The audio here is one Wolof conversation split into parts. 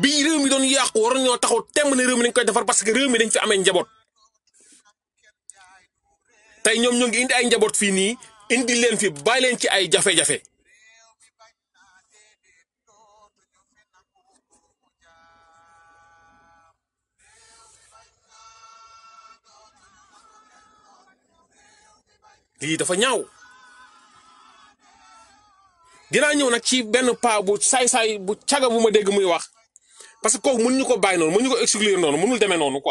bi réew mi doon yaq waroon ñoo taxaw temb ne réew mi dañ koy defar parce que réew mi dañ fi amé njabot tay ñom ñoo ngi indi ay njabot fi ni indi leen fi bay leen ci ay jafe-jafe li dafa ñaaw dina ñew nak ci benn pa bu say say bu caga bu ma deg muy wax parce que kooku mënuñu ko bàyyi noonu mënuñu ko exclure noonu mënul demee noonu ko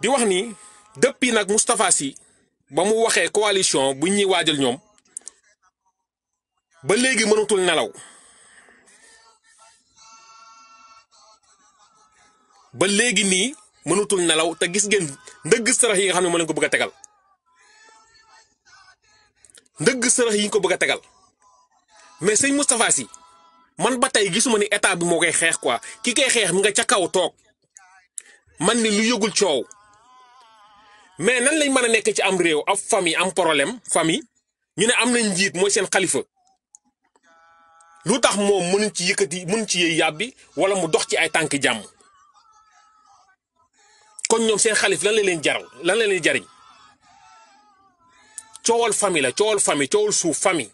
di wax ni depuis nag Moustapha Sy ba mu waxee coalition bu ñuy waajal ñoom ba léegi mënatul nelaw ba léegi nii mënatul nelaw te gis ngeen ndëgg sërëx yi nga xam ne moo leen ko bëgg a tegal ndëgg sërëx yi ñu ko bëgg a tegal mais sëñ Moustapha Sy man ba tey gisuma ni état bi mo koy xex quoi ki koy xex mi nga ca kaw tok man ni lu yëgul ciow mais nan lañ mëna nek ci am réew ab famille am problème famille ñu ne am nañ njit moy sen khalifa lutax mom mënu ci yëkëti mënu ci yëy wala mu dox ci ay tanki jam kon ñom sen khalif lan la leen jaral lan la leen jariñ ciowal famille la ciowal famille ciowal suuf famille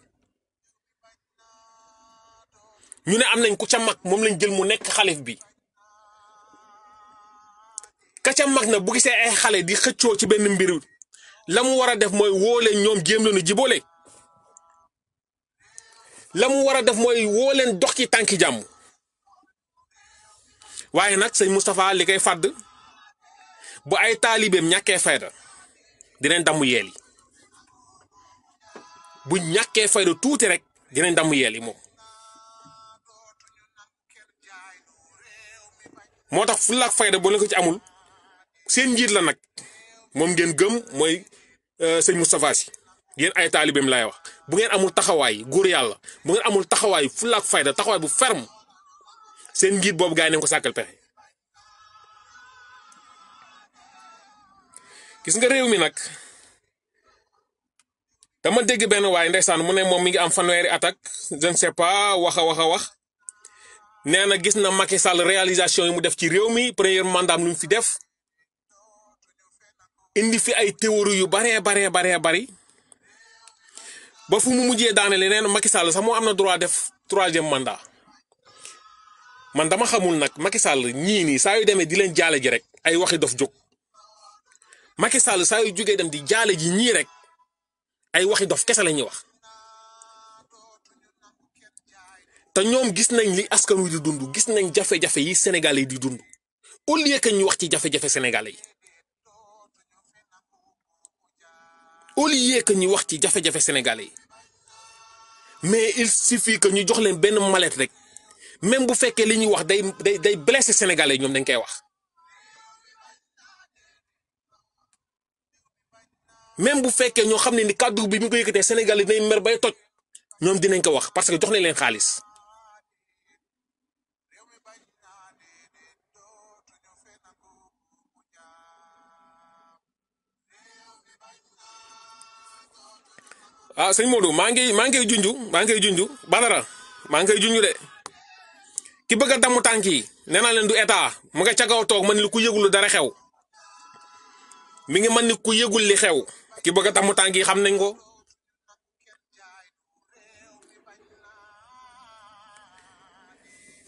ñu ne am nañ ku ca mag moom lañ jël mu nekk xalif bi ka ca mag na bu gisee ay xale di xëccoo ci benn mbir la mu war a def mooy wóole ñoom jéem leen jiboole la mu war a def mooy woo leen dox ci tànki jàmm waaye nag sëñ Moustapha li koy fàdd bu ay taalibeem ñàkkee fayda dinañ damm yeel yi bu ñàkkee fayda tuuti rek dinañ damm yeel yi moom motax tax fulla ak fayda bo la ko ci amul seen njit la nak mom ngeen gem moy euh, seigne mustapha ci ngeen ay talibem lay wax bu ngeen amul taxaway góor yalla bu ngeen amul taxaway fulla ak fayda taxaway bu ferme seen njit bobu gaay yi nañ ko sàkkal pexe gis nga rew mi nak dama dégg ben way ndaysan mu ne mi ngi am fanweri attaque je ne sais pas waxa waxa wax wax nee na gis na Macky Sall réalisation yi mu def ci réew mi premier mandat am lu mu fi def indi fi ay théorie yu baree baree baree bari ba fu mu mujjee daanele nee na Macky Sall sax moo am na droit def troisième mandat man dama xamul nag Macky Sall ñii nii saa yu demee di leen jaale ji rek ay waxi dof jóg Macky Sall saa yu jógee dem di jaale ji ñii rek ay waxi dof kese la ñuy wax. té ñom gis nañ li askan wi di dund gis nañ jafé jafé yi sénégalais di dund au lieu que ñu wax ci jafé jafé sénégalais yi au lieu que ñu wax ci jafé jafé sénégalais yi mais il suffit que ñu jox leen ben mallette rek même bu féké li ñu wax day day blesser sénégalais ñom dañ koy wax. même bu féké ñoo xamné ni cadre bi mu ko yëkkatee sénégalais yi day mer bay toj ñoom dinañ ko wax parce que jox nañ leen xaalis. ah sëñ Modou ma ngi ma ngi koy ma maa ngi Badara ngi de ki bëgg a damu tànk yi nee du état mu nga ca gaw tok man ni ku yegul dara xew mi ngi man ni ku yegul li xew ki bëgg damu xam nañ ko.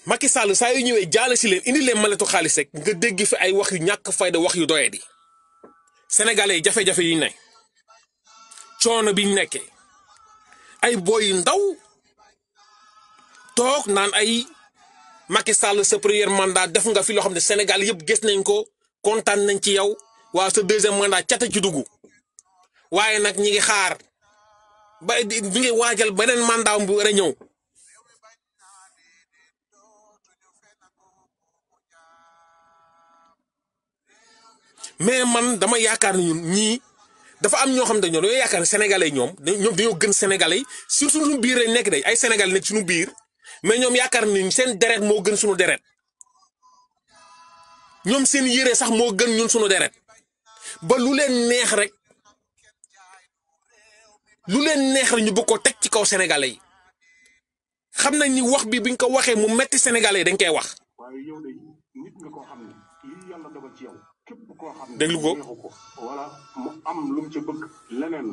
Macky Sall sa yu ci leen indi leen maletu xaaliss rek nga dégg fi ay wax yu ñak fayda wax yu di sénégalais jafé jafé yi ne choono biñ nekké ay boy yu ndaw toog naan ay Macky Sall sa premier mandat def nga fi loo xam ne senegal yëpp gis nañ ko kontaan nañ ci yow waa sa deuxième mandat cata ci dugg waaye nag ñi ngi xaar ba ñi ngi waajal beneen mandat bu war a ñëw mais man dama yaakaar ni ñun dafa am ñoo xam ne dañoo yaakaar ne sénégalais ñoom ñoom dañoo gën sénégalais sur suñu biir lañ nekk day ay sénégalais nekk suñu biir mais ñoom yaakaar ni seen deret moo gën suñu deret ñoom seen yére sax moo gën ñun suñu deret ba lu leen neex rek lu leen neex ñu bëgg ko teg ci kaw sénégalais yi xam na ni wax bi biñ ko waxee mu metti sénégalais yi dañ koy wax. yow de nit nga ko xam ne lii yàlla ci yow. déglu ko wala mu am lu ci ca bëgg leneen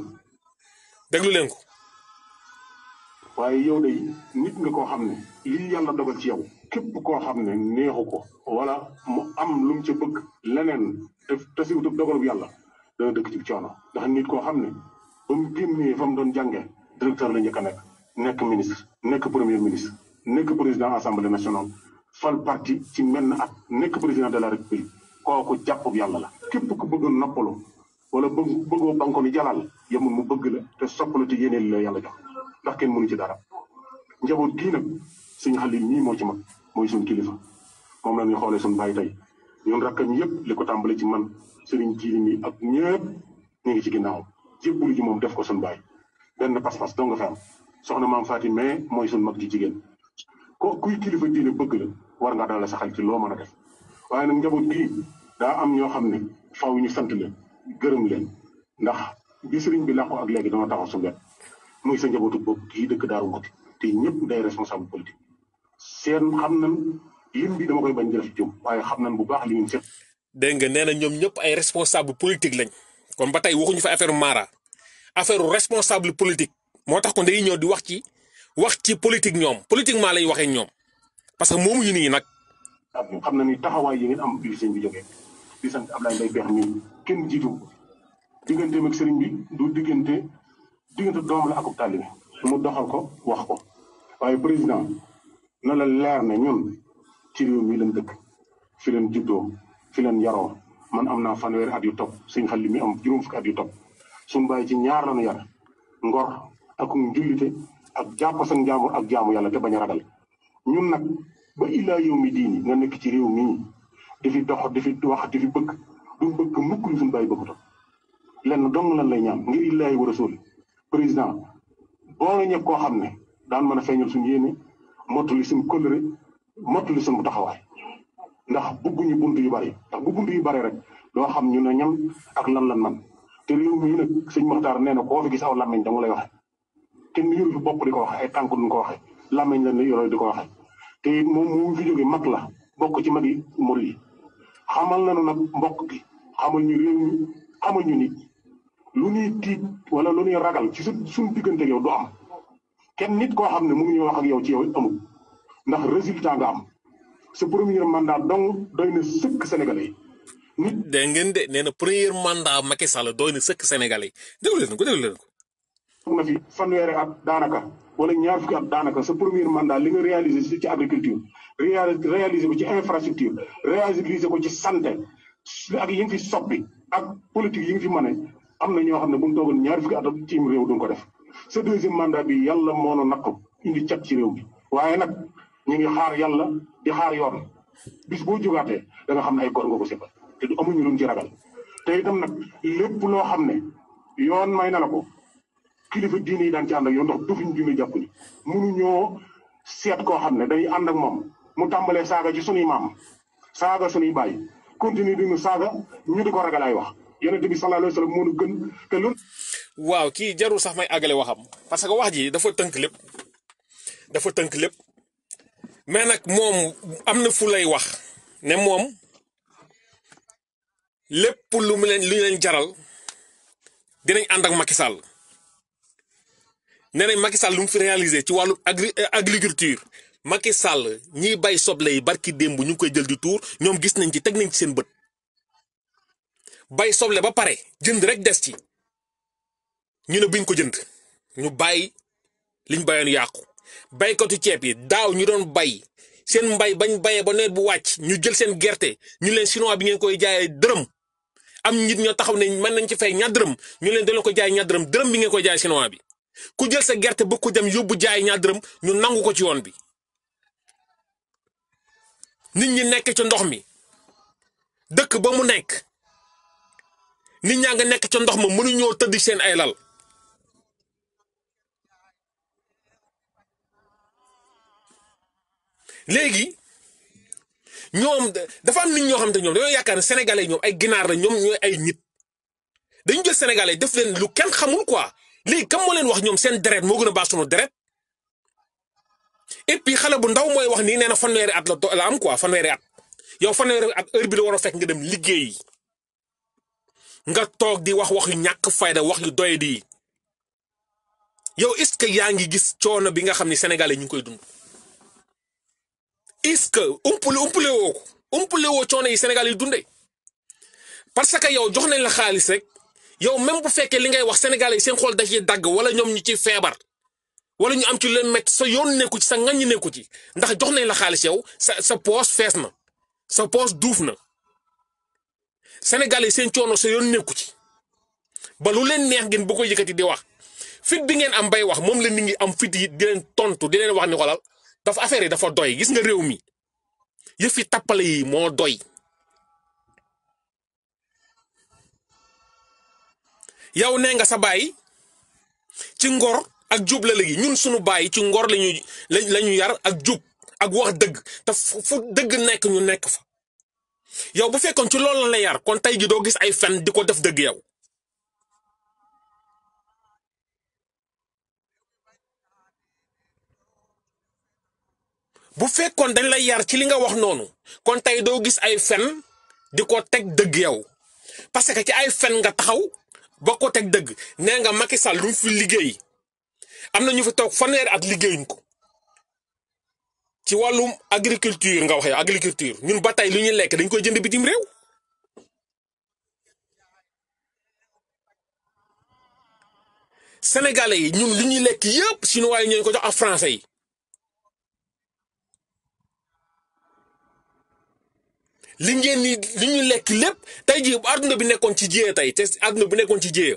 déglu leen ko waaye yow de nit nga koo xam ne li yàlla dogal ci yow képp koo xam ne neexu ko wala mu am lu mu ca bëgg leneen te te si wutub dogalub yàlla dana dëkk ci coono ndax nit koo xam ne ba mu génnee fa mu doon jànge directeur la njëkk a nekk nekk ministre nekk premier ministre nekk président assemblée nationale fal parti ci menn at nekk président de la république koku jappu yalla la kep ku bëgg noppalu wala bëggo banko ni jalal yamul mu bëgg la te sopp ci yeneel la yalla jox ndax ken mënu ci dara njabot gi nak suñ xali ni mo ci mag moy suñ kilifa mom la ñu xolé suñ bàyyi tay ñun rakkam yëpp liko ko ci man sëriñ jiri ni ak ñepp ñi ngi ci ginnaaw jébbulu ji mom def ko suñ bàyyi ben pass pass do nga fam soxna mam Fatim moy mooy suñ mag ji jigen ko kuy kilifa diine bëgg la war nga dalal sa xel ci lo mëna def waye nak njabot gi da am ñoo xamne faaw ñu sant leen gëreum leen ndax bi sëriñ bi làqu ak léegi dama taxaw su ngeen muy sa njabootu bokk kii dëkk daaru ngoti te ñepp day responsable politique seen xam lim bi dama koy bañ def jëm waye xam bu baax li ñu sét de nga nee ñom ñepp ay responsable politique lañ kon ba tey waxuñu fa affaire mara affaire responsable politique motax ko kon ñoo di wax ci wax ci politique ñom politique ma lay waxe ñom parce que momu ñu ni nak xamna ni taxaway yi ngeen am bi seen bi joge di sant Ablaye Mbaye Pekh mii kenn jiitu ko digganteem ak bi du diggante diggante doom la akub taalibe mu doxal ko wax ko waaye président na la leer ne ñun ci réew mi lañ dëkk fi leen juddoo fi leen yaroo man am naa fanweeri at yu topp suñ xel li mi am juróom fukki at yu topp suñ bàyyi ci ñaar lañu yar ngor ak njullite ak jàpp sa njaamu ak jaamu yàlla te bañ ragal ñun nag ba illaa yow mi diini nga nekk ci réew mi di fi dox di fi wax di fi bëgg duñ bëgg mukk li suñu bàyyi bëggutoon lenn dong lan lay ñaan ngir illaahi wa rasuuli président boo ñëpp koo xam ne daan mën a feeñal suñu yéene sum suñu motli mottali suñu taxawaay ndax bëgguñu bunt yu bari ndax bu bunt yu bari rek doo xam ñu ne ñan ak lan lan man te réew mi nag sëñ Maxtaar nee na koo fi gis aw làmmiñ dama lay waxe te yoru fi bopp di ko waxe ay tànk duñ ko waxe làmmiñ lañ la yoroo di ko waxe te moom mu fi jóge mag la bokk ci mag yi yi xamal nañu nag mbokk gi xamal ñu réew mi ñu nit lu ñuy tiit wala lu ñuy ragal ci su suñu diggante yow du am kenn nit koo xam ne mu ngi wax ak yow ci yow amul ndax résultat nga am sa premier mandat dong doy na sëkk sénégalais yi nit da ngeen de nee na premier mandat Macky Sall doy na sëkk e yi déglu leen ko déglu leen ko am na fi fanweeri at daanaka wala ñaar fukki at daanaka sa premier mandat li nga réalisé si ci agriculture réaliser ko ci infrastructure réaliser ko ci santé ak yi nga fi soppi ak politique yi nga fi mën a am na ñoo xam ne bu mu ñaari ñaar fukki at ci réew duñ ko def ce deuxième mandat bi yàlla moo na naqu indi cat ci réew bi waaye nag ñu ngi xaar yàlla di xaar yoon bis boo jógaatee da xam ne ay góor nga ko sëbal te du amuñu luñ ci ragal te itam nag lépp loo xam ne yoon may na la ko kilifa diine yi daan ci ànd ak yoon ndax dufuñ dina jàpp ni mënuñoo seet koo xam ne day ànd ak moom mu tambalé saga ci imam imam saaga sunuy bay, continue di nu saaga ñu diko galai ragal ay wax bi sallallahu alayhi wa mo moo nu gën te lu. waaw ki jaru sax may agalé waxam parce que wax ji dafa teunk lepp dafa teunk lepp mais nak mom amna fu lay wax né mom lepp lu mu len lu len jaral dinañ and ak Macky Sall nenañ Macky Sall lu mu fi réaliser ci walu agriculture Macky sàll ñi bay soble yi barki démb ñu ngi koy jël di tuur ñoom gis nañ ci teg nañ ci seen bët bay soble ba pare jënd rek des ci ñu ne buñ ko jënd ñu bàyyi liñ bayoon yàqu baykatu ceeb yi daaw ñu doon bay seen mbay bañ bayee ba nawet bu wàcc ñu jël seen gerte ñu leen chinois bi ngeen koy jaayee dërëm am nit ñoo taxaw ne mën nañ ci fay ñaar dërëm ñu leen dañoo ko jaay ñaar dërëm dërëm bi ngeen koy jaay chinois bi ku jël sa gerte ba ku dem yóbbu jaay ñaar ñu nangu ko ci yoon bi nit ñi nekk ci ndox mi dëkk ba mu nekk nit ñaa nga nekk ci ndox ma mënuñoo tëdd seen ay lal léegi ñoom dafa am nit ñoo xam te ñoom dañoo yaakaar ne sénégalais ñoom ay ginaar la ñoom ñooy ay nit dañu jël sénégalais def leen lu kenn xamul quoi léegi kam moo leen wax ñoom seen deret moo gën a baax deret et puis xalé bu ndaw moy wax ni néna fanwéré at la la am quoi fanwéré at yow fanwéré at heure bi la wara fekk nga dem liggéey nga tok di wax wax yu ñak fayda wax yu doy di yow est ce que yaangi gis choono bi nga xamni sénégalais ñu koy dund est ce que umpule umpule wo ko umpule woo yi sénégalais yi dundee parce que yow jox nañ la xaalis rek yow même bu fekkee li ngay wax sénégalais seen xol da dagg wala ñom ñu ci fébar wala ñu am ci leen met sa yoon neeku ci sa ngagn neeku ci ndax jox nañ la xaaliss yow sa sa poste fess na sa poste douf na sénégalais seen coono sa yoon neeku ci ba lu leen neex ngeen bu ko yëkëti di wax fit bi ngeen am bay wax moom la nit ngi am fit yi di leen tontu di leen wax ni xolal dafa affaire yi dafa doy gis nga réew mi yëf yi yi moo doy yow ne nga sa bàyyi ci ngor ak djub la legi ñun suñu bay ci ngor lañu lañu yar ak djub ak wax deug ta fu deug nek. ñu nek fa yow bu fekkon ci loolu la yar kon tay gi do gis ay fen diko def deug yow bu fekkon dañ la yar ci li nga wax nonu kon tay do gis ay fen diko tek deug yow parce que ci ay fen nga taxaw bako tek deug ne nga Macky Sall lu fi liggey am na ñu fi toog fanweeri ak liggéeyuñ ko ci wàllum agriculture nga waxee agriculture ñun ba tey lu ñuy lekk dañ koy jënd bitim réew sénégalais yi ñun lu ñuy lekk yëpp chinois yi ñoo ko jox a français li ngeen ni li ñuy lekk lépp tey jii bu adduna bi nekkoon ci jéye tey te adduna bi nekkoon ci jéye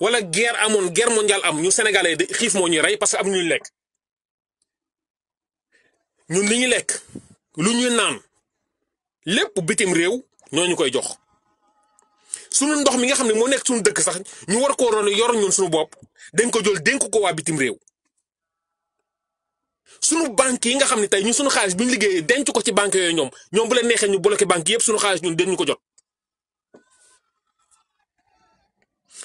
wala guerre amoon guerre mondiale am ñu sénégalais de xiif moo ñuy rey parce que am ñu lekk ñun li ñu lekk lu ñuy naan lépp bitim réew ñoo ñu koy jox sunu ndox mi nga xam ne moo nekk suñu dëkk sax ñu war koo roon yor ñun suñu bopp dañ ko jël denk ko waa bitim réew sunu banque yi nga xam ne tey ñun suñu xaalis bi ñu liggéeyee denc ko ci banque yooyu ñoom ñoom bu leen neexee ñu bloqué banque yëpp suñu xaalis ñun dañ ñu ko jot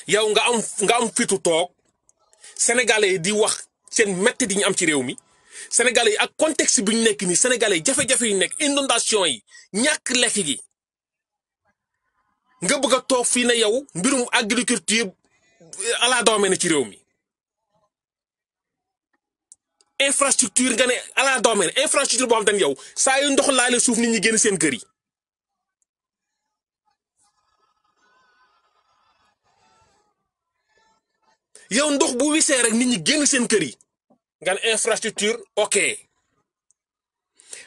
yow nga am nga am fitu toog sénégalais yi di wax seen métti di ñu am ci réew mi sénégalais yi ak contexte bi ñu nekk nii sénégalais yi jafe-jafe yi nekk inondation yi ñàkk lekk yi nga bëgg a toog fii ne yow mbirum agriculture euh, alaa doome na ci réew mi infrastructure nga ne alaa doome na infrastructure boo xam te ne yow saa yu ndox laale suuf nit ñi génn seen kër yi yow ndox bu wissé rek nit ñi génn seen kër yi nga infrastructure ok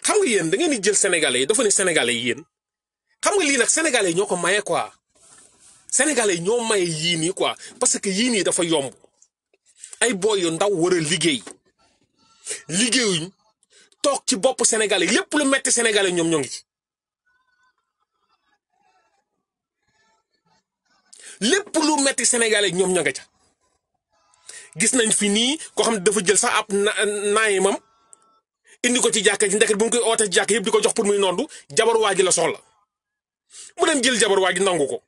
xam nga yéen da ngeen di jël sénégalais yi dafa ne sénégalais yi yéen xam nga lii nag sénégalais yi ñoo ko maye quoi sénégalais yi ñoo maye yii nii quoi parce que yii nii dafa yomb ay boy yu ndaw war a liggéey liggéeyuñ toog ci bopp sénégalais lépp lu metti sénégalais ñoom ñoo ngi ci lépp lu metti sénégalais ñoom ñoo nga ca gis nañ fi nii koo xam ne dafa jël sax ab na naayimam indi ko ci jàkka ji ndeket bu mu ko oote ci jàkka yëpp di ko jox pour muy nondu jabar waa ji la soxla mu dem jël jabar waa ji nangu ko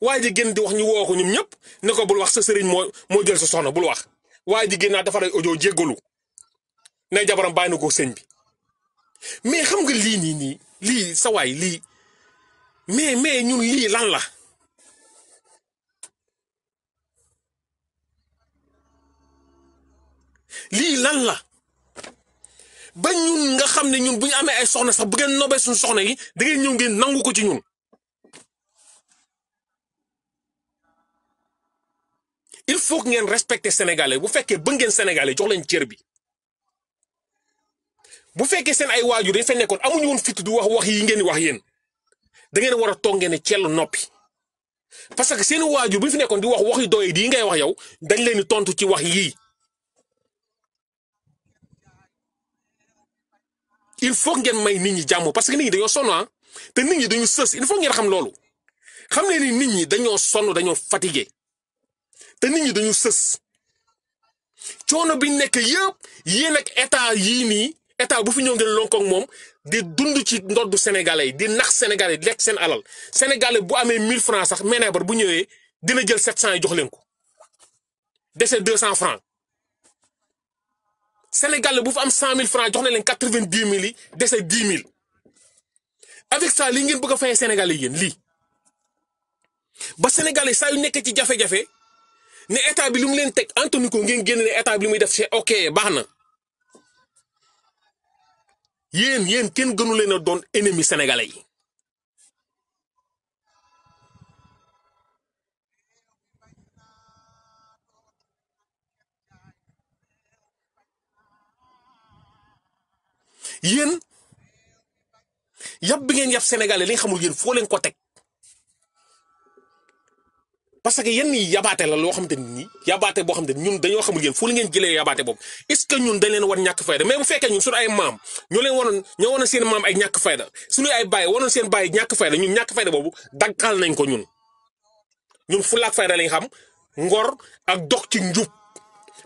waa ji génn di wax ñu woo ko ñoom ñëpp ne ko bul wax sa sëriñ moo moo jël sa soxna bul wax waa ji génn naa dafa rey audio jéggalu ne jabaram bàyyi na ko sëñ mais xam nga lii nii nii lii sa waay lii mais mais ñun lii lan la. li lan la ba ñun nga xam ñun bu amé ay soxna sax bu ngeen nobé suñu soxna yi da ngeen ñew ngeen nangu ko ci ñun il faut que ngeen respecter sénégalais bu fekkee bu ngeen sénégalais jox leen cër bi bu fekkee sen ay waju dañ fa nekkon amuñu won fit du wax wax yi ngeen wax yeen da ngeen wara a toog ciel nopi parce que sen waajur bu fi nekkon di wax yi doy di yi ngay wax yow dañ leen tontu ci wax yi il faut que may nit ñi parce que nit ñi dañoo ah. te nit dañu seuss il faut ngeen xam lolu xam ne ni nit ñi dañoo sonn dañoo fatigué te nit ñi dañu seuss choono bi nek ak état yi ni état bu fi ak mom di dund ci sénégalais di nax sénégalais di alal sénégalais bu amé 1000 francs sax ménébar bu dina jël 700 jox ko 200 francs Sénégal bu fa am cent mille francs jox na leen quatre vingt dix mille yi dese dix mille avec ça lii ngeen bëgg a fayee Sénégal yi yéen lii ba Sénégal sa saa nekk ci jafe-jafe ne état bi lu leen teg antoni ngeen génn ne état muy def se ok baax na yen yéen kenn gënu leen a doon ennemi sénégalais yi yéen yàpp bi ngeen yàpp sénégalais li xamul yéen foo leen ko teg parce que yenn yi yabaate la loo xam xamante ni yabaate boo xam ne ñun dañoo xamul yéen fu li ngeen jëlee yabaate boobu est-ce que ñun dañ leen war ñàkk fayda mais bu fekkee ñun suñu ay maam ñoo leen waroon ñoo waroon seen maam ay ñàkk fayda suñu ay baay waroon seen baay ñàkk fayda ñun ñàkk fayda boobu daggal nañ ko ñun ñun fulaak fayda lañ xam ngor ak dox ci njub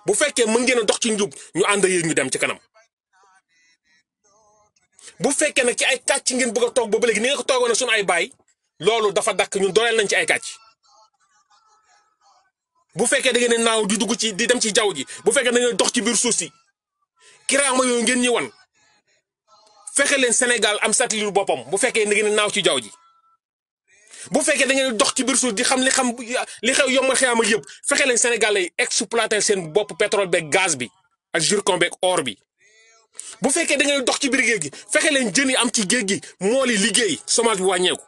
bu fekkee mën ngeen dox ci njub ñu ànd a yéen ñu dem ci kanam bu fekke nak ci ay katch ngeen bëgg tok toog ba léegi ni nga ko toogoon suñu ay bay loolu dafa dak ñun dooleel nañ ci ay katch bu fekke da ngeen naaw di dugg ci di dem ci jaw ji bu fekke da ngeen dox ci bir suuf si kiraama yooyu ngeen ñi wan fexé len Sénégal am satellite bopam bu fekke da ngeen naaw ci jaw ji bu fekke da ngeen dox ci bir suuf di xam li xam li xew yom xew ak yëpp fexe leen Sénégal exploiter sen bop pétrole beeg gaz bi ak zircon beeg or bi bu fekkee da dox ci biir géej gi fexe leen jën yi am ci géej gi mool liggéey chômage bi wàññeeku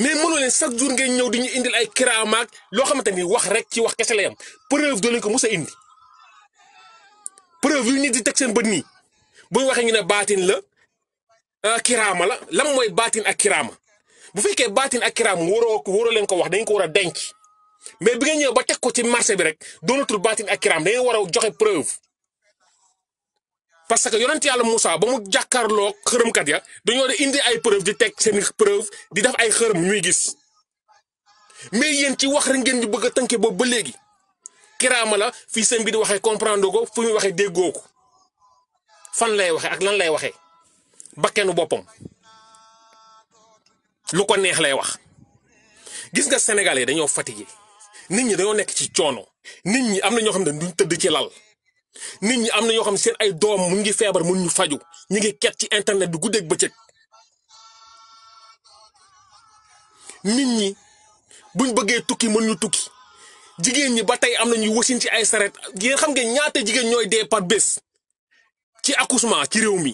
mais mënoo leen chaque jour ngeen ñëw di ñu indil ay kiraamaak loo xamante ni wax rek ci wax kese la yam preuve ko mos indi preuve yu nit di teg seen bët nii bu waxee ñu ne baatin la a ah, kiraama la lan mooy baatin ak kiraama bu fekkee baatin ak kiraama waroo waroo leen ko wax dañ ko war a denc mais bi nga ñëw ba teg ko ci marché bi rek doonatul baatin ak kiraama da nga war a joxe preuve. parce que yonent yalla Moussa ba mu jàkkaarloo kat ya dañu de indi ay preuve di tek seen preuve di def ay xërëm ñuy gis mais yeen ci wax ra ngeen di bëgg tanké bo ba légui kirama la fi seen bi di waxe comprendre ko fu muy waxe déggoo ko fan lay waxe ak lan lay waxe bakkenu boppam lu ko neex lay wax gis nga sénégalais dañu fatigué nit ñi dañu nekk ci ciono nit ñi amna ño xam ne ci lal nit ñi am na ñoo xam seen ay doom mu ngi feebar mun ñu faju ñu ngi ket ci internet bi guddeeg bëccëg nit ñi buñ bëggee tukki mën ñu tukki jigéen ñi ba tey am na ñuy wasin ci ay saret yéen xam ngeen ñaata jigéen ñooy dee par bés ci accouchement ci réew mi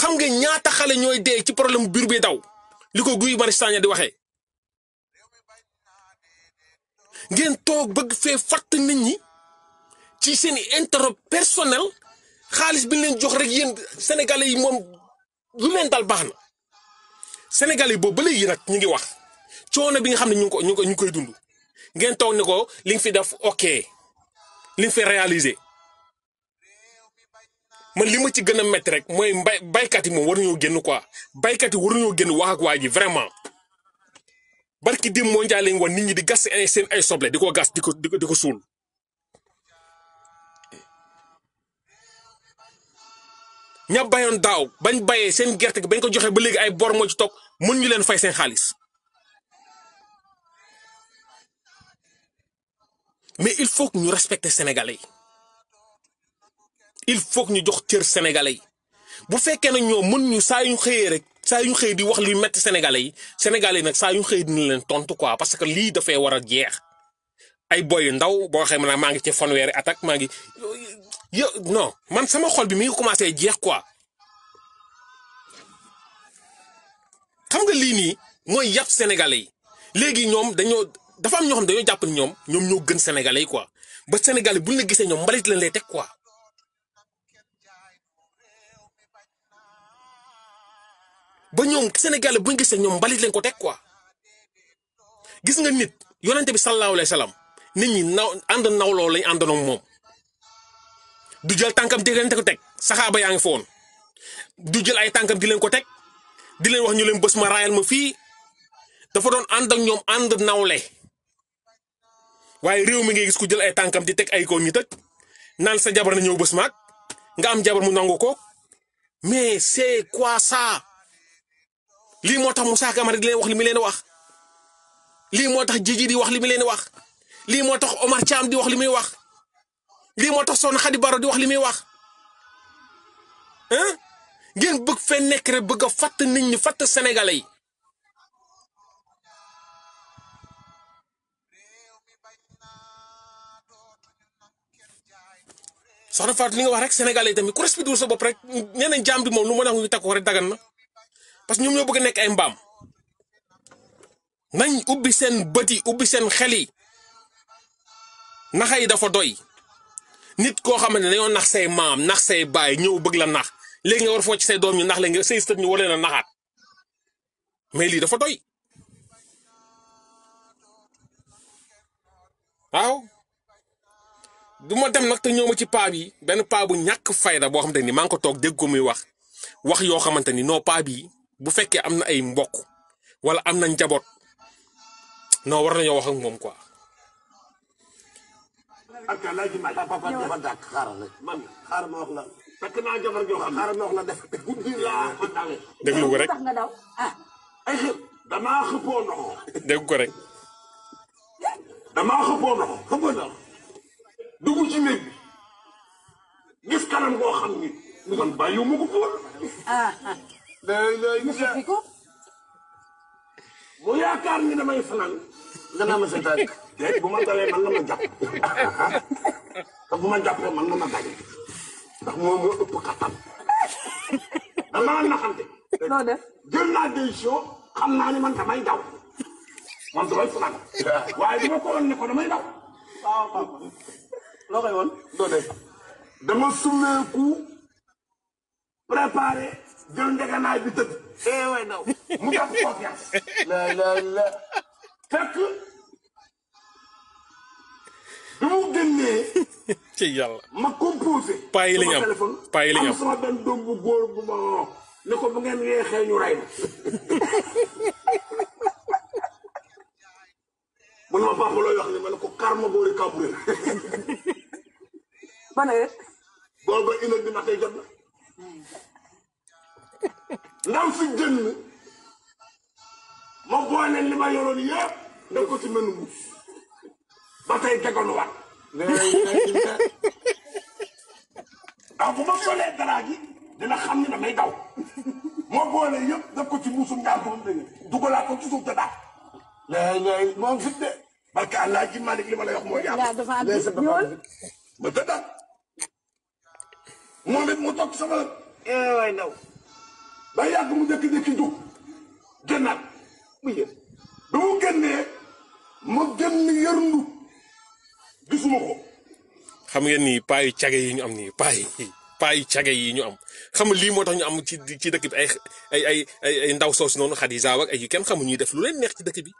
xam ngeen ñaata xale ñooy dee ci problème biir bi daw li ko Guy Marius Sagna di waxee ngeen toog bëgg fee fàtt nit ñi ci seen intérêt personnel xaalis bi leen jox rek yeen sénégalais yi moom lu leen dal baax na sénégalais yi boobu ba léegi nag ñu ngi wax coono bi nga xam ne ñu ko ñu koy dund ngeen toog ne ko li fi def ok li fi réaliser man li ma ci gën a métti rek mooy mbay baykat yi moom waruñoo génn quoi baykat yi waruñoo génn wax ak waa ji vraiment barki dim mondial lañ nit ñi di gas seen ay soble di ko gas di ko di ko suul. ña bayoon daaw bañ bayee seen gerte gi bañ ko joxee ba léegi ay bor moo ci toog mun ñu leen fay seen xaalis mais il faut ñu respecter sénégalais yi il ñu jox cër sénégalais yi bu fekkee nag ñoo mun ñu saa yu xëyee rek saa yu xëy di wax luy metti sénégalais yi sénégalais yi nag saa yu xëy dina leen tontu quoi parce que lii dafay war a jeex ay boy ndaw boo xam ne maa ngi ci fanweeri attaque maa ngi yo non man sama xol bi mi commencé jeex quoi xam nga li ni moy yapp sénégalais légui ñom ñoom dañoo dafa am ñoo xam dañoo japp ni ñom ñom ñoo gën sénégalais quoi ba sénégalais buñ la gissé ñom mbalit lañ lay tek quoi. ba ñom sénégalais buñ gissé ñom mbalit lañ ko tek quoi gis nga nit yonente bi sallallahu alayhi wasallam nit ñi and nawlo lañ àndoon mom du jël tankam di leen ko sahaba saxaaba foon du jël ay tankam di leen ko tek di leen wax ñu leen bës ma rayal ma fii dafa doon ànd ak ñoom ànd nawle waaye réew mi ngay ku jël ay tankam di teg ay ko ñu tëg naan sa jabar na ñëw bës maag nga am jabar mu nangu ko mais c'est quoi ça li moo tax Moussa Camara di leen wax li mi leen wax li moo Jiji di wax li mi leen wax li moo Omar Thiam di wax li muy wax lii moo tax soxna Xadi Baro di wax li muy wax ah ngeen bëgg fee nekk rek bëgg a fàtt nit ñi fàtt sénégalais yi soxna Fatou li nga wax rek sénégalais yi tamit ku respecté wul sa bopp rek nee nañ jaam bi moom lu ma neex ñu takku rek dagan na parce que ñoom ñoo bëgg nekk ay mbaam nañ ubbi seen bët yi ubbi seen xel yi naxa yi dafa doy nit koo xamante ne dañoo nax say maam nax say baay ñëw bëgg la nax léegi nga war foo ci say doom ñu nax leen nga say sët ñu war leen a naxaat mais lii dafa doy waaw duma dem nag te ñëw ma ci paa yi benn paa bu ñàkk fayda boo xamante ni maa ngi ko toog dégg ko muy wax wax yoo xamante ni non paa bi bu fekkee am na ay mbokk wala am na njaboot noo war nañoo wax ak moom quoi. ak Alaaji Maalik. papa papa dafa dàkk xaaral rek. man xaaral ma wax la. fekk naa jabar joo xam. xaaral ma wax la def guddi laa ko dawee. déglu ko rek tax nga daw ah. ay xëpp damaa xëppoo ndoxo. dégg ko rek. damaa xëppoo ndoxo xam nga daal. dugg ci néeg bi. gis kanam boo xam ni. man bàyyi ma ko fóot. ah ah. léeg-léeg mu yaakaar ni damay fanaan. nga naa ma sa tànk. déet bu ma tawee man na ma jàpp te bu ma jàppee man na ma daje ndax moom moo ëpp kattan damaa naxante. noo def xam naa ne man damay daw man damay fanaan waaye dama ko ko damay daw. waaw waaw loo koy woon doo def dama summeeku préparé jël ndeganaay bi tëdd. eh mu def confiance. la la la fekk. bi mu génnee. ci yàlla ma composé. paa yi la ñu am téléphone paa la ñu am bu góor ko bu ngeen yeexee ñu ray ma. man ma papa looy wax ne ma ne ko kàr ma boori Kambouré. ban jot na. ndaw si génn ma boole li ma yoroon yëpp. ne ko ci menu mbuus. ba tey tegaluwaat. ah bu ma solee dara gi dina xam ne damay daw moo boole yëpp def ko ci muusum ñaar doon dëgg dugalaat ko ci suuf dafa am. mais moom lay wax mooy. yaa dafa mu toog sama. Eh, waay ndaw. ba yàgg mu dëkk-dëkk dugg gànnaat. bu mu génnee mu génn yërndu. gisuma ko xam ngeen ni paayu cage yi ñu am nii paay paayu cage yi ñu am xam lii moo tax ñu am ci ci dëkk bi ay ay ay ay ndaw soos noonu xat yi zaawak ay yu kenn xamu ñuy def lu leen neex ci dëkk bi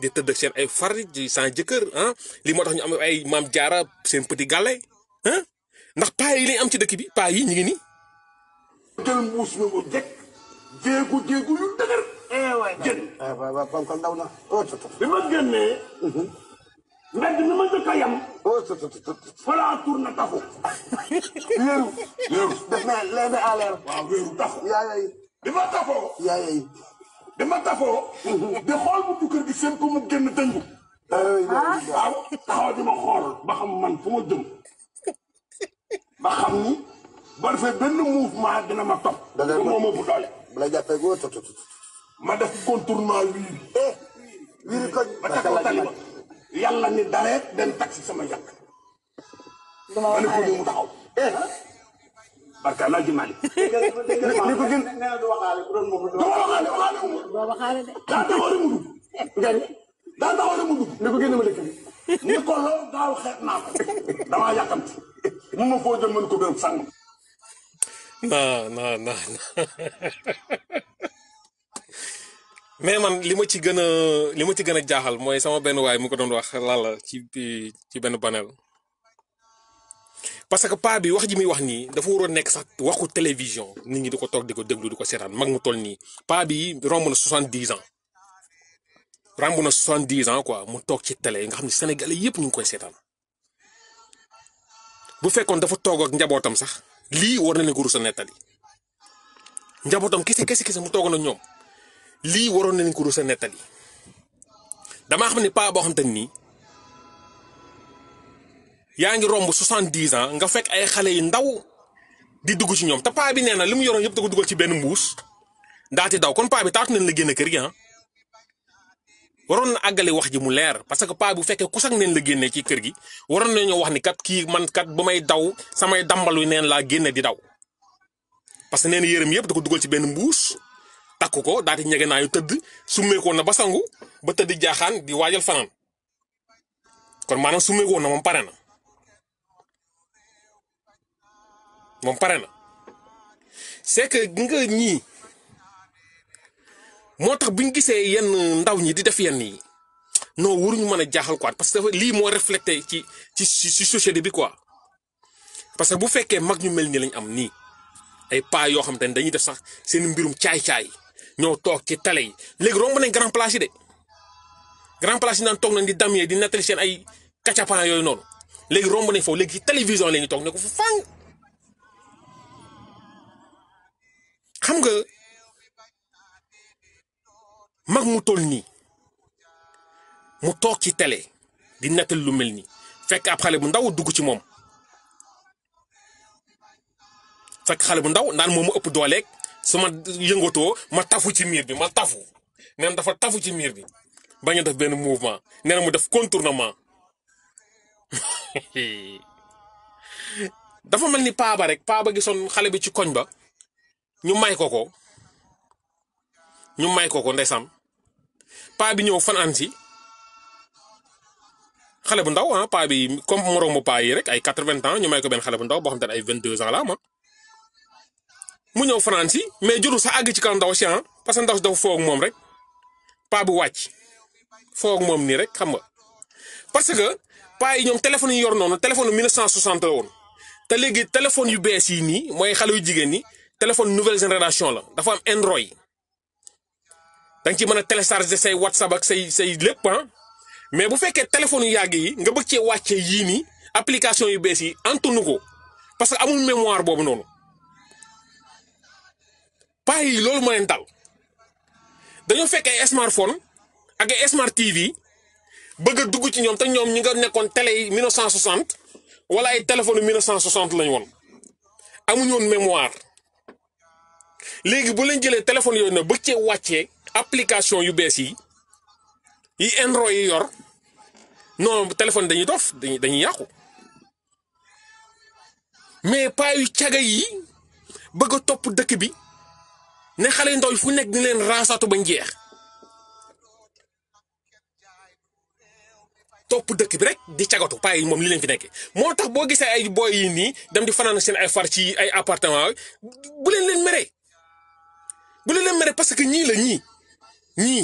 di tëdd seen ay far di sans jëkkër ah lii moo tax ñu am ay mam jaara seen petit gàlle ah ndax paa yi am ci dëkk bi paa yi ñu ngi nii. jël muus ma mu jekk jéegu jéegu lu dëgër. eh waay jën. waaw waaw kon ndaw na. bi ma génnee. mbedd mi ma njëkk a yem. Oh, fa a tur na taxu. wéeru. wéeru def naa léegi à l'air. waaw wéeru taxu. ma tafoo. yaayay. ma tafoo. di xool bu tukkër gi seen ko mu génn dëngu. Ah. waaw taxaw di ma xool ba xam man fu ma jëm. ba xam ni. ba defee benn mouvement dina ma topp. da ngay ma def contournement wii. Eh, wii ko ba ca kaw tali ba. yàlla ni dareet dem taxi sama yàq. du ma ko mu taxaw. Eh, ah. barka laa ji Mali. dëgg ko gën. nee na du waxaale bu doon moom du waxaale waxaale wu ma. doo waxaale de. daa taxaw mu dugg. nga ko gën ma dëkk bi. ni ko loo daaw xeet naa ko. damaa ma foo jëm mën ko mais man lima ci gëna lima ci gëna jaaxal sama benn way mu ko doon wax la ci ci benn panel parce que pa bi wax ji mi wax ni dafa woro nek sax waxu télévision nit ñi di tok diko di déglu di ko mag mu toll ni pa bi romb na 70 ans romb na 70 ans quoi mu tok ci télé nga xamni sénégalais yépp ñu koy sétane bu fekkon dafa tok ak njabotam sax li war na leen ko rus netali njabotam kessé kessé kessé mu tok na ñom lii waroon nañ ko rus a nettali damaa xam ni paa boo xam te nii yaa ngi romb soixante-dix ans nga fekk ay xale yu ndaw di dugg ci ñoom te paa bi nee li mu yoroon yëpp da dugal ci benn mbuus ndaati daw kon bi taatu nañ la génn kër gi ah. waroon na àggale wax ji mu leer parce que paa bu fekkee ku sax neen la génnee ci kër gi waroon nañoo wax ni kat kii man ba may daw samay dambalu neen laa génne di daw parce que nee na yëpp da ko dugal ci benn mbuus. takku ko daal di teud sumé ko na ba sangu ba teud jaaxaan di wajal fanan kon sumé ko na mom pare na moom pare na c'est que nga ñi motax buñu gisé yenn ndaw ñi di def yenn yi no waruñu mën a jaaxal quoi parce que li mo reflété ci ci ci société bi quoi parce que bu fekkee mag ñu mel lañ am ni ay pa yo xamanteni dañuy def sax seen mbirum ñoo toog ci tele yi léegi romb nañ grand place yi de grand place yi naan toog nañ di damyee di nettali seen ay kacapan yooyu noonu léegi romb nañ foofu léegi ci télévision la ñu toog ne ko xam nga mag mu toll nii mu toog ci tele di nettali lu mel nii fekk ab xale bu ndaw dugg ci moom fekk xale bu ndaw naan moom mu ëpp dooleeg su ma yëngatoo ma tafu ci miir bi ma tafu neen dafa tafu ci miir bi bañ a def benn mouvement nee mu def contournement dafa mel ni paaba rek paaba gisoon xale bi ci koñ ba ñu may ko ko ñu may ko ko ndeysaan paa bi ñëw fanaan si xale bu ndaw ah paa bi comme paa yi rek ay quatre-vingts ans ñu may ko benn xale bu ndaw boo xam te ne ay vingt-deux ans la ma mu ñëw France yi mais juru sa àgg ci kaw ndaw si ah parce que ndaw si dafa foog moom rek paa bu wàcc foog moom nii rek xam nga parce que paa yi ñoom téléphone yi yor noonu téléphone 1960 la woon te léegi téléphone yu bees yi nii mooy xale yu jigéen ni téléphone nouvelle génération la dafa am Android da nga ci mën a télécharger say WhatsApp ak say say lépp ah mais bu fekkee téléphone yu yàgg yi nga bëgg cee wàcce yii nii application yu bees yi antunu ko parce que amul mémoire boobu noonu. paa loolu moo leen dal dañoo fekk ay smartphone ak ay smart TV bëgg dugg ci ñoom te ñoom ñi nga nekkoon tele yi 1960 wala ay téléphone yu 1960 lañ woon amuñu woon mémoire léegi bu leen jëlee téléphone yooyu nag bëgg cee wàccee application yu bees yi yi Android yi yor non téléphone dañuy dof dañuy dañuy yàqu mais paa yu caga yi bëgg topp dëkk bi. ne xalé ndaw fu nek di len rasatu ba jeex top dëkk bi rek di cagatu pay mom li len fi nek motax bo boo gisee ay boy yi ni dem di fanaan sen ay far ci ay appartement bu len len mere bu len len mere parce que ñi la ñi ñi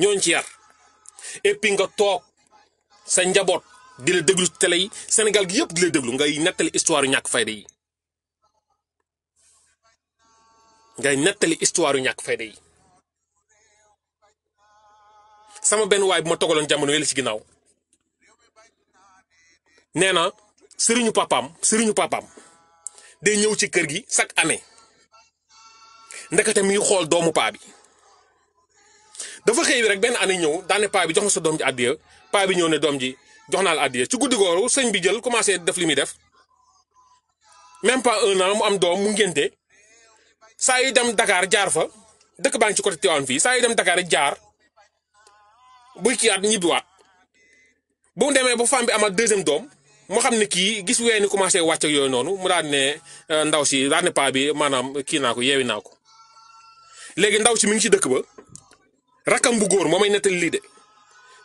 ñooñ ci yar et puis nga tok sa njabot di la déglu télé yi Sénégal gi yëpp di la deglu ngay nettali histoire ñak fayda yi ngay nettali histoire yu ñàkk fayda yi sama benn waay bu ma togaloon jamono yële ci ginnaaw nee na sëriñu papaam sëriñu papaam day ñëw ci kër gi chaque année ndekete mi ngi xool doomu paa bi dafa xëy bi rek benn année ñëw daane paa bi jox ma sa doom ji àddiya paa bi ñëw ne doom ji jox naa la àddiya ci guddi gooru sëñ bi jël commencé def li muy def même pas un an mu am doom mu ngénte saa yu dem dakaar jaar fa dëkk baa ngi ci côté Tivaouane fii saa yu dem Dakar jaar buy kii at ñibbiwaat bu mu demee ba femme bi a deuxième doom moo xam ne kii gis wee ni commencé wàcc ak yooyu noonu mu daan ne euh, ndaw si daan ne paa bi maanaam kii naa ko yeewi naa ko léegi ndaw si mi ngi ci dëkk ba rakam bu góor moo may nettali lii de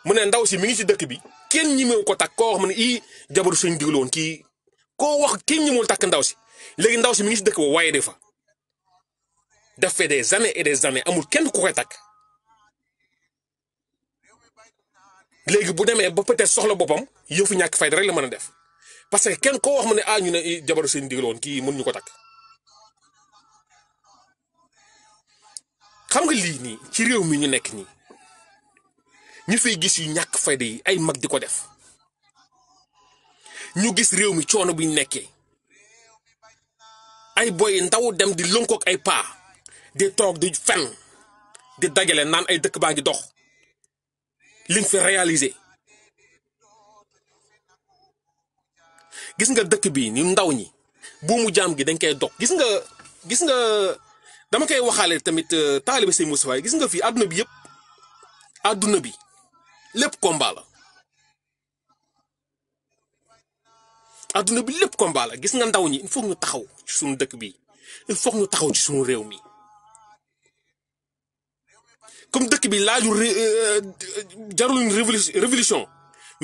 mu ne ndaw si mi ngi ci dëkk bi kenn ñimewu ko takk koo wax mu ne i jabaru suñ diglu woon kii koo wax kenn ñimul takk ndaw si léegi ndaw si mu ngi ci dëkk ba waaye de fa daf fait des années et des années amul kenn ku koy takk léegi bu demee ba peut soxla boppam yëfu ñàkk fayda rek la mën a def parce que kenn koo wax mu ne ah ñu ne eh, jabaru seen digal woon kii mën ñu ko takk xam nga lii nii ci réew mi ñu nekk nii ñu fiy gis yu ñàkk fayda yi ay mag di ko def ñu gis réew mi coono bi ñu nekkee ay boy ndaw dem di lënkoog ay paa di tok di fenn di dajale nan ay dëkk baangi dox liñ fi réaliser gis nga dëkk bi ni ndaw ñi bu mu jam gi dañ koy dox gis nga gis nga dama koy waxale tamit taaliba Sëñ Moustapha gis nga fi aduna bi yëpp aduna bi lépp combat la aduna bi lépp combat la gis nga ndaw ñi il faut ñu taxaw ci suñu dëkk bi il faut ñu taxaw ci suñu réew mi comme dëkk bi laajul euh, euh, jarul une révolution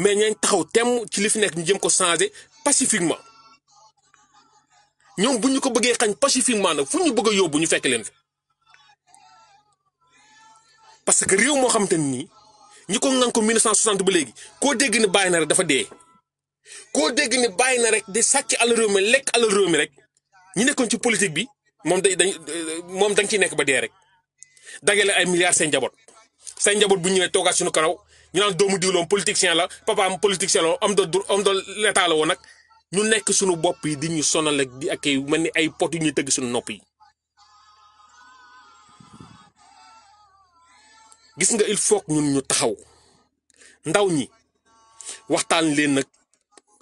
mais ñañ taxaw temm ci li fi nekk ñu jëm ko changer pacifiquement ñoom bu ñu ko bëggee xañ pacifiquement nag fu ñu bëgg a yóbbu ñu fekk leen fi parce que réew moo xam te nii ñi ko ngan ko 1960 ba léegi koo dégg ne bàyyi na rek dafa dee koo dégg ni bàyyi na rek di sàcc àll réew mi lekk àll mi rek ñu nekkoon ci politique bi moom day dañ euh, moom dañ ci nekk ba dee rek dagale ay milliards seen njaboot seen njaboot bu ñëwee toogaat suñu kanaw ñu naan doomu diwloom politicien la papaam politicien la homme de homme de l'état la woon nag ñu nekk suñu bopp yi di ñu sonal ak di ak mel ni ay pot yu ñuy tëgg sunu nopp yi. gis nga il faut ñun ñu taxaw ndaw ñi waxtaan leen nag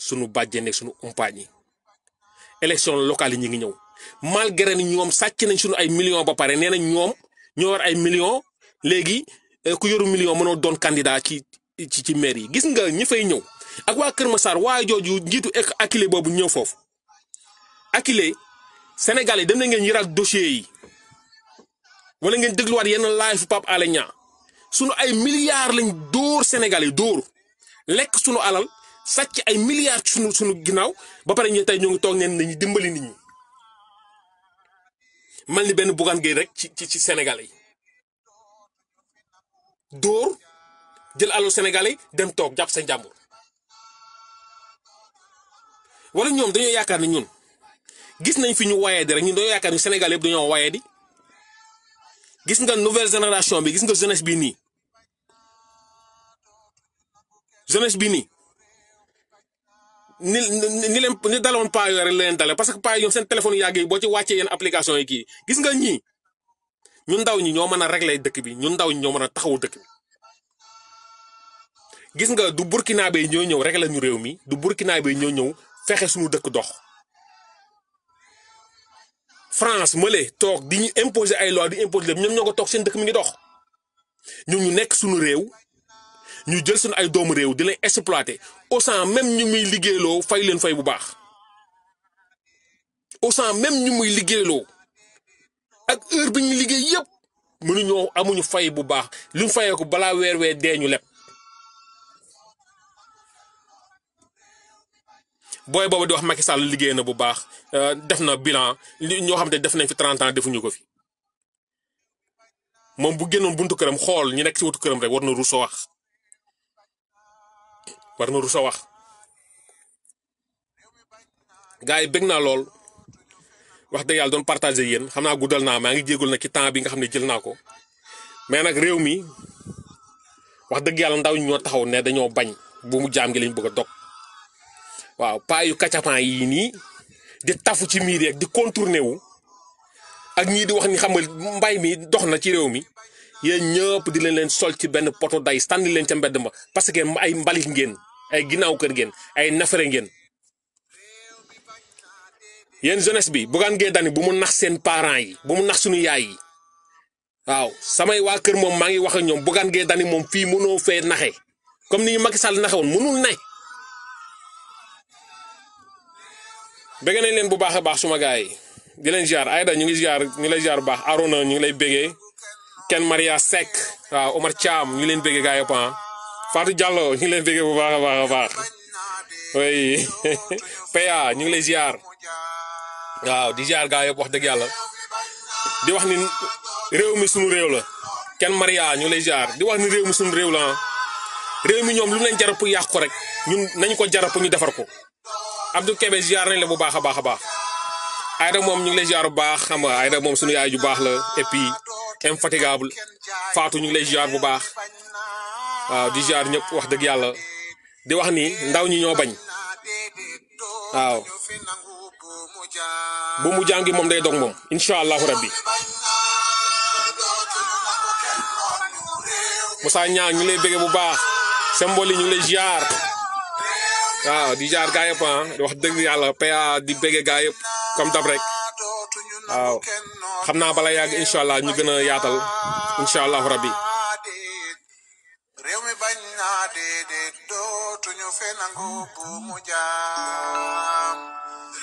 sunu bàjjen ak sunu compagnie élection locale yi ñu ngi ñëw malgré ni ñoom sàcc nañ sunu ay millions ba pare nee nañ ñoom ñoo ay million legi eh, ku yoru million mëno don candidat ci ci ci maire yi gis nga ñi fay ñew ak wa keur Massar waaye jooju njiitu ek Akile boobu ñëw foofu Akile Sénégal yi dem na ngeen rak dossier yi wala ngeen dégluwaat yeen live pap Alé Niang sunu ay milliards lañ door sénégalais door lek lekk sunu alal sacc ay milliards sunu sunu ginaaw ba paré ñi tay ñu ngi tok neen ñi dimbali nit ñi. mal ni benn Bougane Gueye rek ci ci ci Sénégalais yi dóor jël àllu Sénégalais yi dem toog jàpp sa njàmbur wala ñoom dañoo yaakaar ni ñun gis nañ fi ñu waayee di rek ñun dañoo yaakaar ni Sénégalais yëpp dañoo waayee di gis nga nouvelle génération bi gis nga jeunesse bi nii jeunesse bi nii ni ni leen ni daloon paa yooyu rek la leen dale parce que paa yi ñoom seen téléphone yàgg yi boo ci wàccee yenn application yi kii gis nga ñii ñu ndaw ñi ñoo mën a régler dëkk bi ñu ndaw ñi ñoo mën a taxawu dëkk bi. gis nga du burkinabé yi ñoo ñëw régler ñu réew mi du burkinabé yi ñoo ñëw fexe suñu dëkk dox. France mële toog di ñu imposer ay loi di imposer lépp ñoom ñoo ko toog seen dëkk mi ngi dox ñun ñu nekk suñu réew ñu jël sunu ay doomu réew di leen exploiter au sein même ñu muy liggéeyloo fay leen fay bu baax au sein même ñu muy liggéeyloo ak heure bi ñu liggéey yëpp mënuñoo amuñu fay bu baax lu ñu fayee ko balaa weer weer dee ñu leb boo boobu di wax Macky Sall liggéey na bu baax euh, def na bilan li ñoo xam ne def nañ fi 30 defuñu ko fi moom bu génnoon buntu këram xool ñu nekk si wutu këram rek war na ruusoo wax. Warna na rus wax gaay begg na naa lool wax dëgg yalla doon partager yeen xamna guddal na ma ngi djegul na ci temps bi nga xamne djel jël ko mais nak rew mi wax deug yalla ndaw ñoo taxaw ne dañoo bañ bu mu jam gi lañ bëgg dok waaw pa yu kacapan yi ni di tafu ci mi rek di contourner wu ak ñi di wax ni xamal mbay mi dox na ci rew mi yeen ñepp di leen leen sol ci ben poto day stand leen ci mbedd ma parce que ay mbalit ngeen ay ginaaw kër ngeen ay nafare ngeen yeen jeunesse bi bu gan ngeen dani bu mu nax seen parents yi bu mu nax suñu yaay yi waaw samay wa kër mom ma ngi wax ak bu gan ngeen dani moom fii mënoo fe naxé comme ni ñu Macky Sall naxé won mënul ne. bëgg nañ leen bu baaxa baax suma gaay di leen ziar Aïda ñu ngi ziar ñu lay ziar baax Arona ñu ngi lay bëggee Ken Maria sec waaw Omar cham ñu leen bëggee gars pa Fatou Diallo ñu ngi lay bëggee bu baax a baax a baax PA ñu ngi lay ziar waaw di ziar gaa yëpp wax dëgg yàlla di wax ni réew mi sunu réew la kenn Maria ñu lay ziar di wax ni réew mi sunu réew la réew mi ñoom lu nañ jarap yàq ko rek ñun nañ ko jarap ñu defar ko Abdou Kébé ziar nañ la bu baax a baax a baax Aïda moom ñu ngi lay ziar bu baax xam nga moom sunu yaay ju baax la et puis infatigable Fatou ñu ngi lay ziar bu baax. waaw di jaar ñëpp wax dëgg yàlla di wax ni ndaw ñi ñoo bañ waaw bu mu jàngi moom day dog moom incha allahu rabbi Moussa Niang ñu lay bëgge bu baax Semboli ñu ngi jaar ziar waaw di ziar gaa yëpp ah wax dëgg yàlla PA di bëgge gaa yëpp comme dab rek waaw xam naa bala yàgg incha allah ñu gën a yaatal incha allahu rabbi fe nangu buumu jaam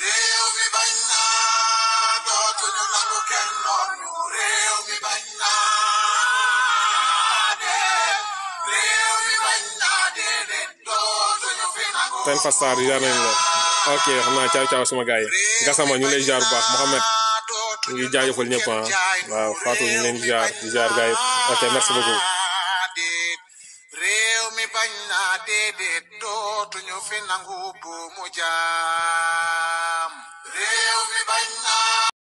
réew mi bañ naa dootuñu nangu kenn noonu réew mi bañ naa dee réew mi bañ naa dee dee dootuñu fi nangu ten fastar jaar nañ la ok xam naa caaw caaw suma gars yi gasama ñu lay jaar baax Mohamed ñu ngi ñu ah. leen jaar jaar gars ok merci beaucoup finangu bo moja.